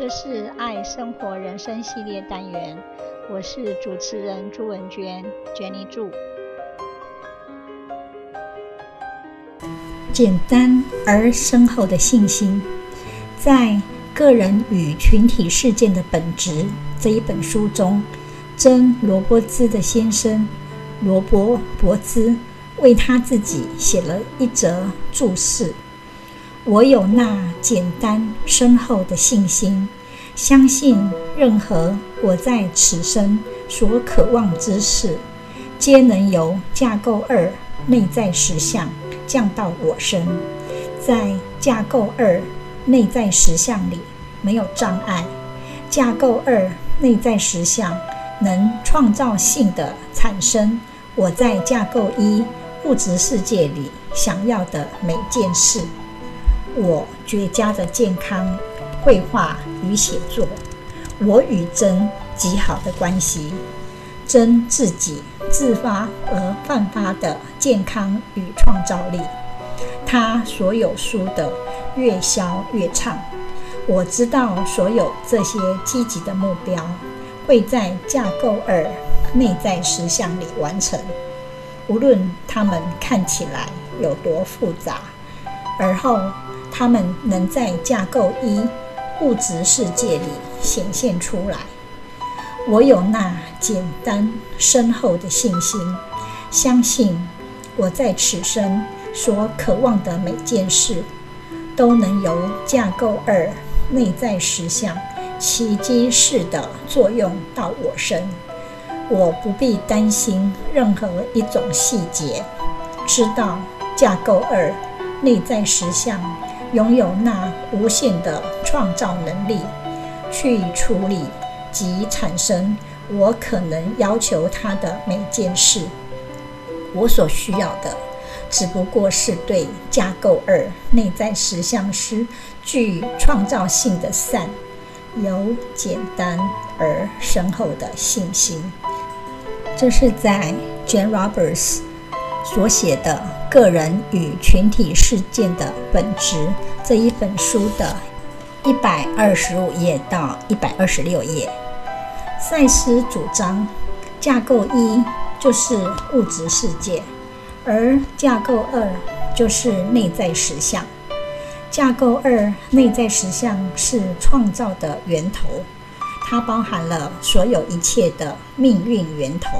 這是愛生活人生系列單元，我是主持人朱文娟。娟尼柱，簡單而深厚的信心，在《個人與群體事件的本質》這一本書中，珍‧羅伯茲的先生羅勃‧柏茲為他自己寫了一則註釋。我有那簡單深厚的信心，相信任何我在此生所渴望之事，皆能由架構二內在實相降到我身。在架構二內在實相裡，沒有障礙。架構二內在實相能創造性地產生我在架構一物質世界裡想要的每件事。我絕佳的健康、繪畫與寫作；我與珍極好的關係；珍自己自發而煥發的健康與創造力；她所有書的越銷越暢。我知道所有這些積極的目標會在架構二內在實相裡完成，無論它們看起來有多複雜，而後。它們能在架構一物質世界裡顯現出來。我有那簡單深厚的信心，相信我在此生所渴望的每件事，都能由架構二內在實相奇蹟式的作用到我身。我不必擔心任何一種細節，知道架構二內在實相。擁有那無限的創造能力，去處理及產生我可能要求它的每件事。我所需要的，只不過是對架構二內在實相之具創造性的善，有簡單而深厚的信心。這是在 Jane Roberts 所寫的個人與群體事件的本質這一本書的，一百二十五頁到一百二十六頁。賽斯主張，架構一就是物質世界，而架構二就是內在實相，架構二內在實相是創造的源頭。它包含了所有一切的命運源頭，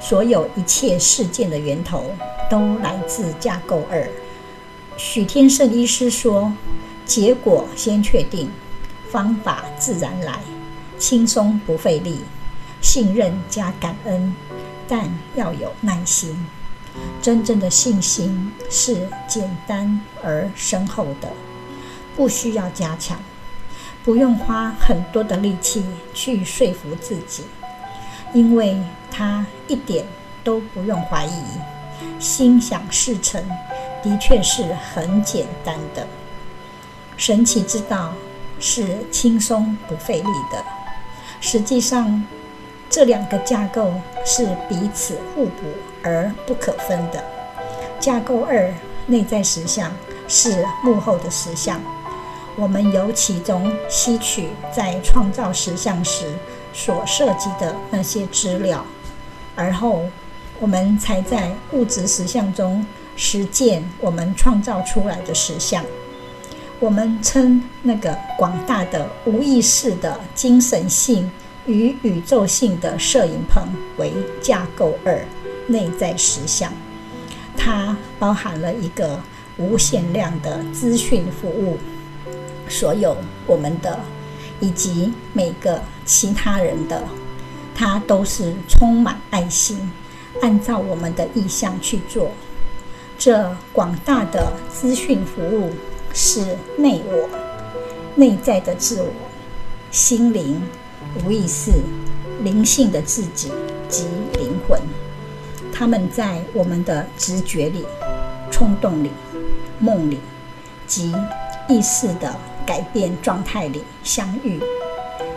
所有一切事件的源頭都來自架構二。許添盛醫師說：“結果先確定，方法自然來，輕鬆不費力，信任加感恩，但要有耐心。真正的信心是簡單而深厚的，不需要加強。”不用花很多的力氣去說服自己，因為它一點都不用懷疑，心想事成的確是很簡單的。神奇之道是輕鬆不費力的。實際上，這兩個架構是彼此互補而不可分的。架構二，內在實相是幕後的實相。我們由其中吸取，在創造實相時所涉及的那些資料，而後，我們才在物質實相中實踐我們創造出來的實相。我們稱那個廣大的無意識的精神性與宇宙性的攝影棚為架構二，內在實相，它包含了一個無限量的資訊服務。所有我們的，以及每個其他人的，他都是充滿愛心，按照我們的意向去做。這廣大的資訊服務是內我、內在的自我、心靈、無意識、靈性的自己及靈魂，他們在我們的直覺裡、衝動裡、夢裡及意識的，改變狀態裡相遇，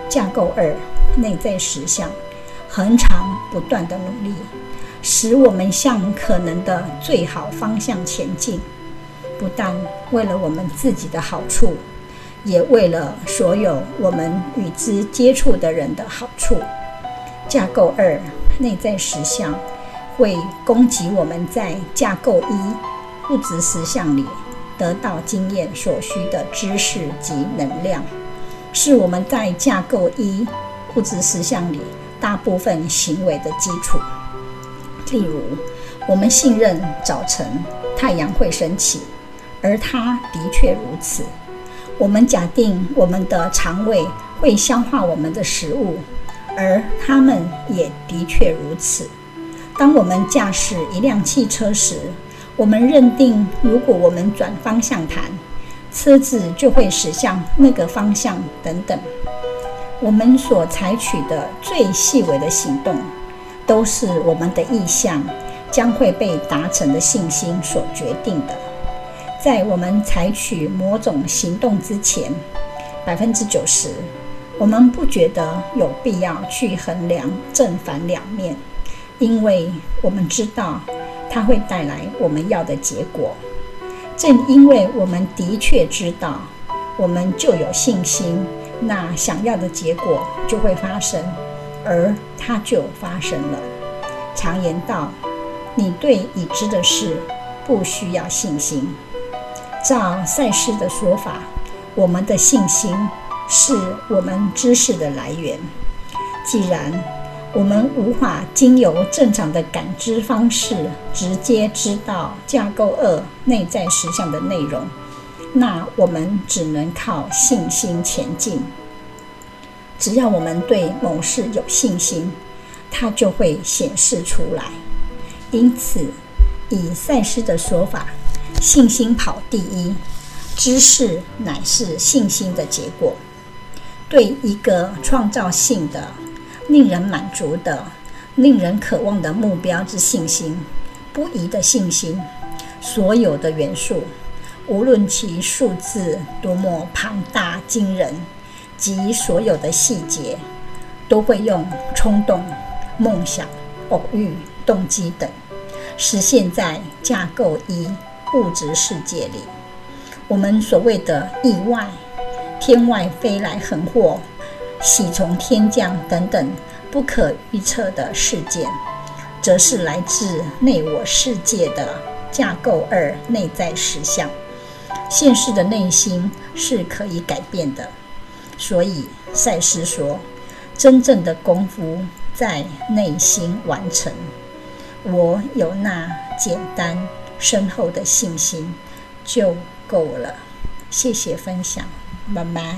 架構二內在實相，恆常不斷的努力，使我們向可能的最好方向前進。不但為了我們自己的好處，也為了所有我們與之接觸的人的好處。架構二內在實相會供給我們在架構一物質實相裡得到經驗所需的知識及能量，是我們在架構一物質實相裡大部分行為的基礎。例如，我們信任早晨太陽會升起，而它的確如此。我們假定我們的腸胃會消化我們的食物，而它們也的確如此。當我們駕駛一輛汽車時，我們認定，如果我們轉方向盤，車子就會駛向那個方向等等。我們所採取的最細微的行動，都是我們的意向將會被達成的信心所決定的。在我們採取某種行動之前，百分之九十，我們不覺得有必要去衡量正反兩面，因為我們知道。它會帶來我們要的結果。正因為我們的確知道，我們就有信心，那想要的結果就會發生，而它就發生了。常言道，你對已知的事不需要信心。照賽斯的說法，我們的信心是我們知識的來源。既然我們無法經由正常的感知方式直接知道架構二內在實相的內容，那我們只能靠信心前進。只要我們對某事有信心，它就會顯示出來。因此，以賽斯的說法，信心跑第一，知識乃是信心的結果。對一個創造性的令人滿足的、令人渴望的目標之信心，不移的信心，所有的元素，無論其數字多麼龐大驚人，及所有的細節，都會用衝動、夢想、偶遇、動機等，實現在架構一物質世界裡。我們所謂的意外，天外飛來橫禍。喜從天降等等不可預測的事件，則是來自內我世界的架構二內在實相。現實的內心是可以改變的，所以賽斯說：“真正的功夫在內心完成。”我有那簡單深厚的信心就夠了。謝謝分享，拜拜。